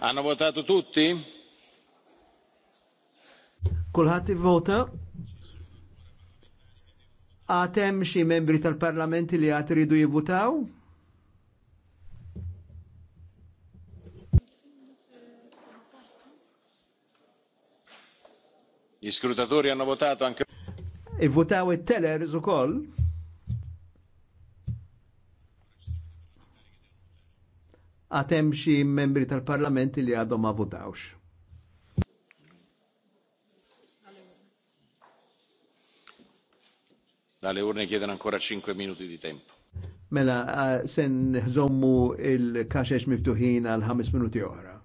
Hanno votato tutti? Kulħat vota? Għatem xie membri tal-Parlamenti li għat ridu jivutaw? Gli scrutatori hanno votato anche. E votavo il Teller ukoll? għatem xie membri tal-parlament li għadhom ma votawx. Dalle urne chiedono ancora 5 minuti di tempo. Mela, eh, sen zommu il-kaxex miftuħin għal 5 minuti ora.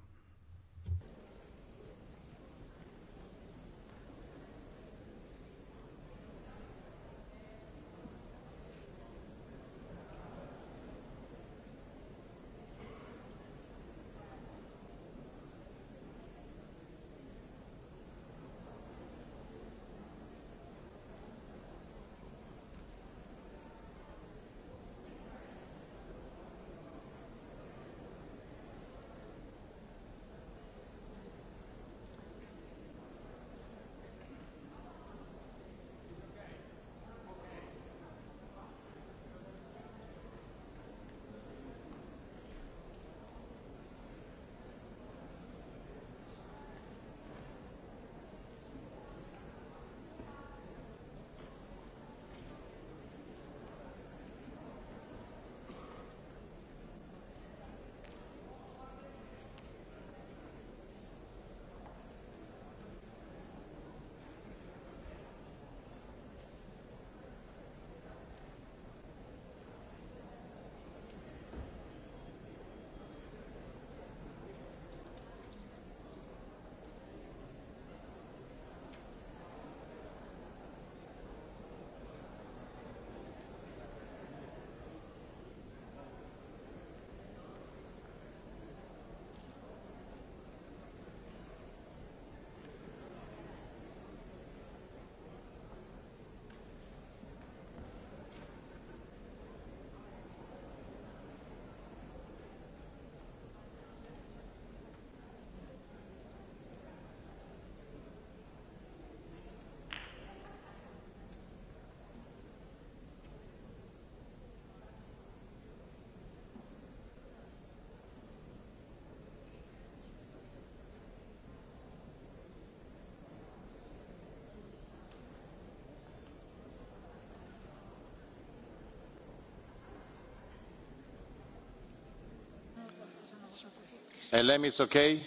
elem is okay?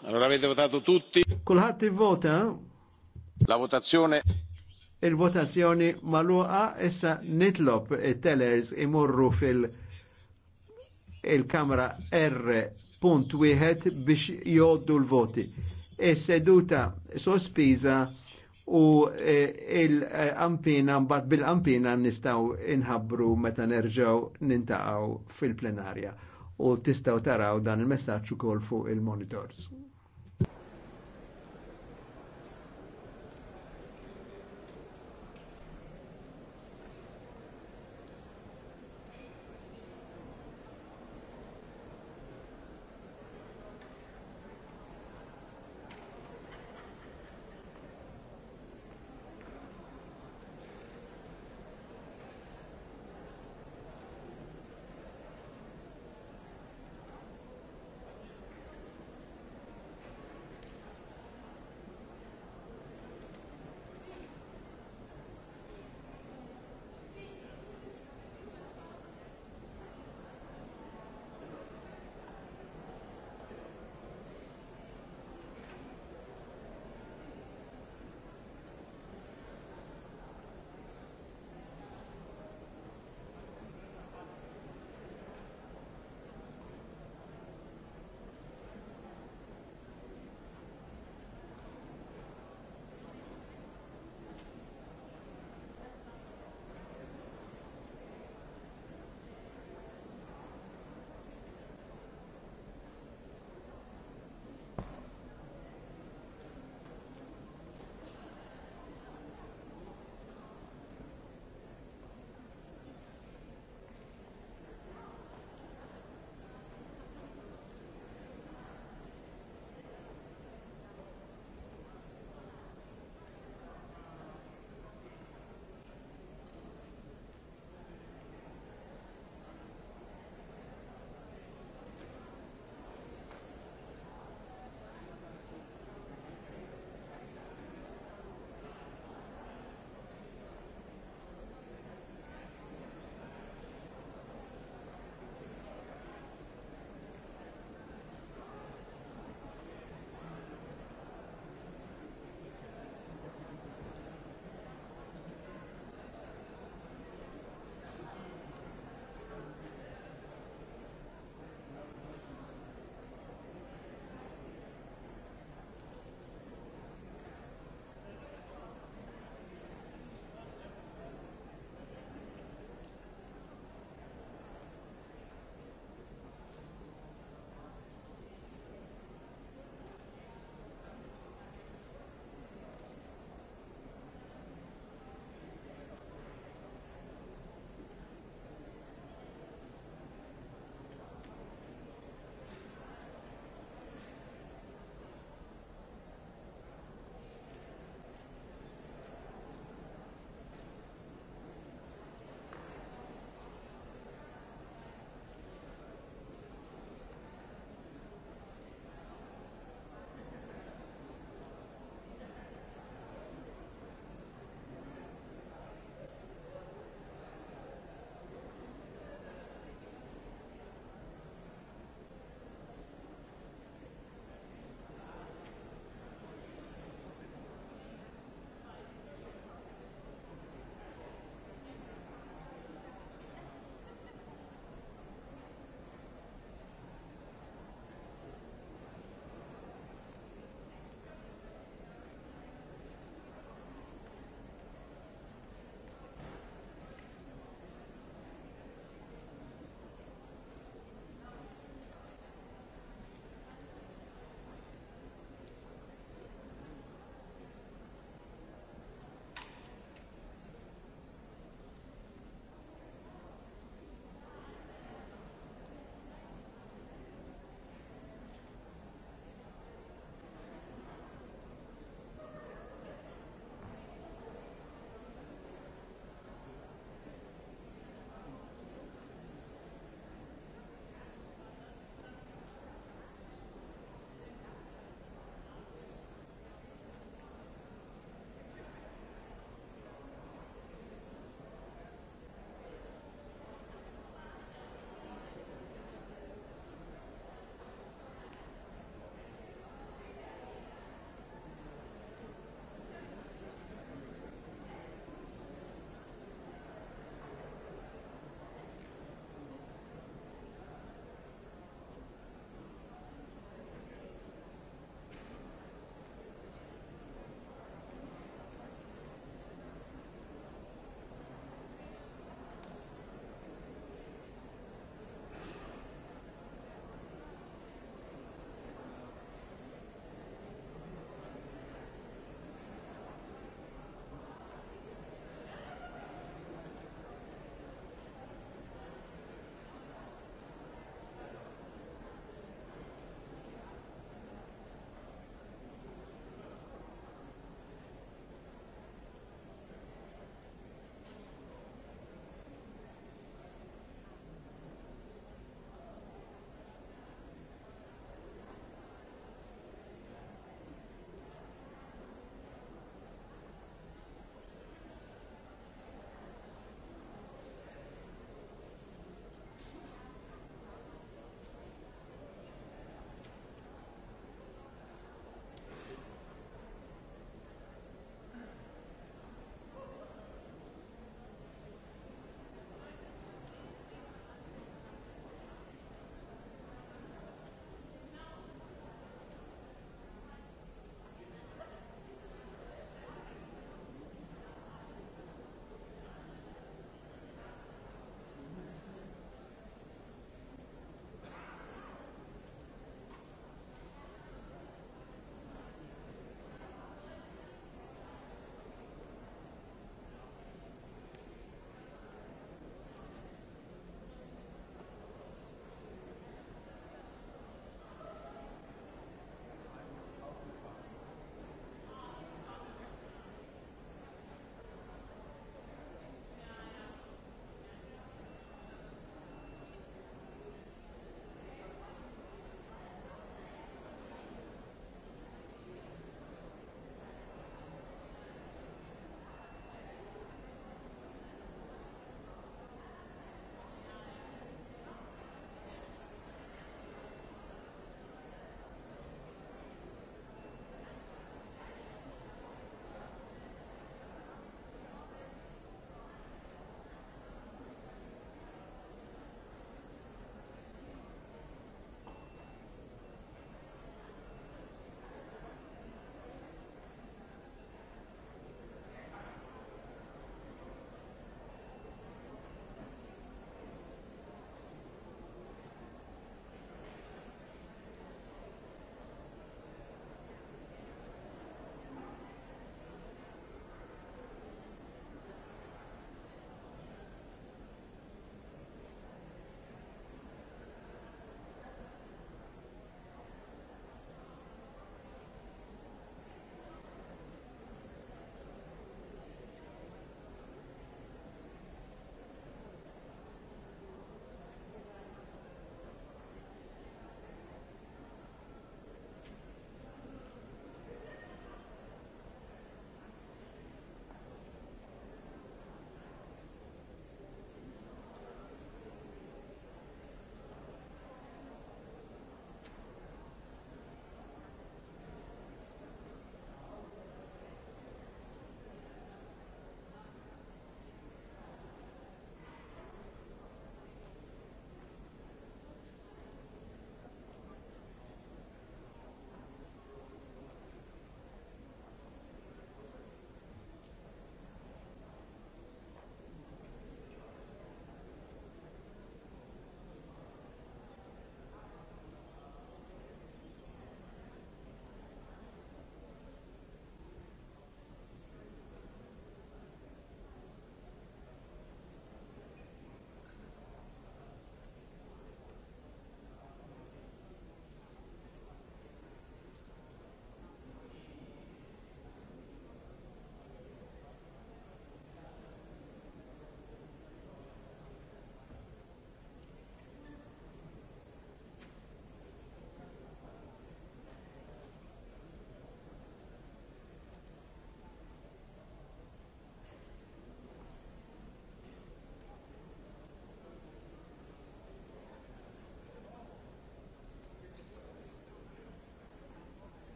Allora avete votato tutti? Kulħadd ivvota? La votazione il-votazzjoni maluqa issa nitlob it-tellers imorru fil- il-Kamra R.1 biex joddu l-voti. Is-seduta sospiża u e, il-ampina mbagħad bil-ampina nistgħu inħabbru meta nerġgħu nintaqgħu fil-plenarja u tistgħu taraw dan il-messaġġ ukoll fuq il-monitors.